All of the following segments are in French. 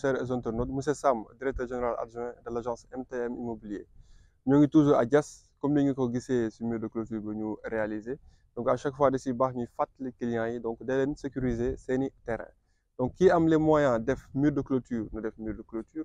Chers internautes, Monsieur Sam, directeur général adjoint de l'agence MTM Immobilier. Nous sommes toujours à Dias, comme nous avons vu sur mur de clôture que nous réalisé. Donc à chaque fois, nous avons les clients, donc de sécuriser ces terrain. Donc qui a les moyens de faire mur de clôture, nous avons mur de clôture.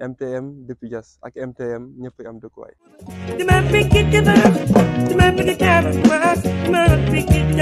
MTM depuis Diass ak MTM ñëpp am dëkkuwaay.